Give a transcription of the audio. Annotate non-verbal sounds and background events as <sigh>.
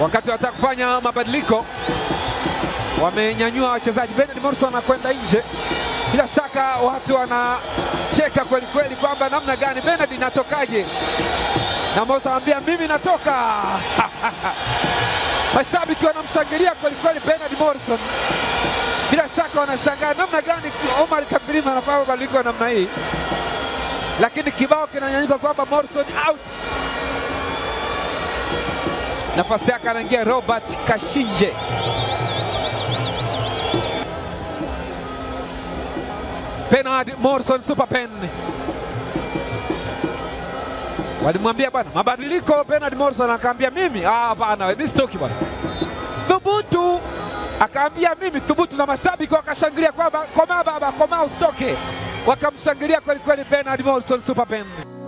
wakati wanataka kufanya mabadiliko wamenyanyua wachezaji. Bernard Morrison anakwenda nje, bila shaka watu wanacheka kweli kweli kwamba namna gani Bernard inatokaje, na Morrison anaambia mimi natoka <laughs> mashabiki wanamshangilia kweli kweli Bernard Morrison, bila shaka wanashangaa namna gani Omar kabrima anafanya mabadiliko ya namna hii, lakini kibao kinanyanyuka kwamba Morrison out nafasi yake anaingia Robert Kashinje. Bernard Morrison pen, walimwambia bwana mabadiliko. Bernard Morrison akaambia mimi ah, hapana, mimi sitoki bwana, thubutu. Akaambia mimi thubutu, na mashabiki wakashangilia kwamba koma baba, koma usitoke. Wakamshangilia kwelikweli Bernard Morrison Superpen.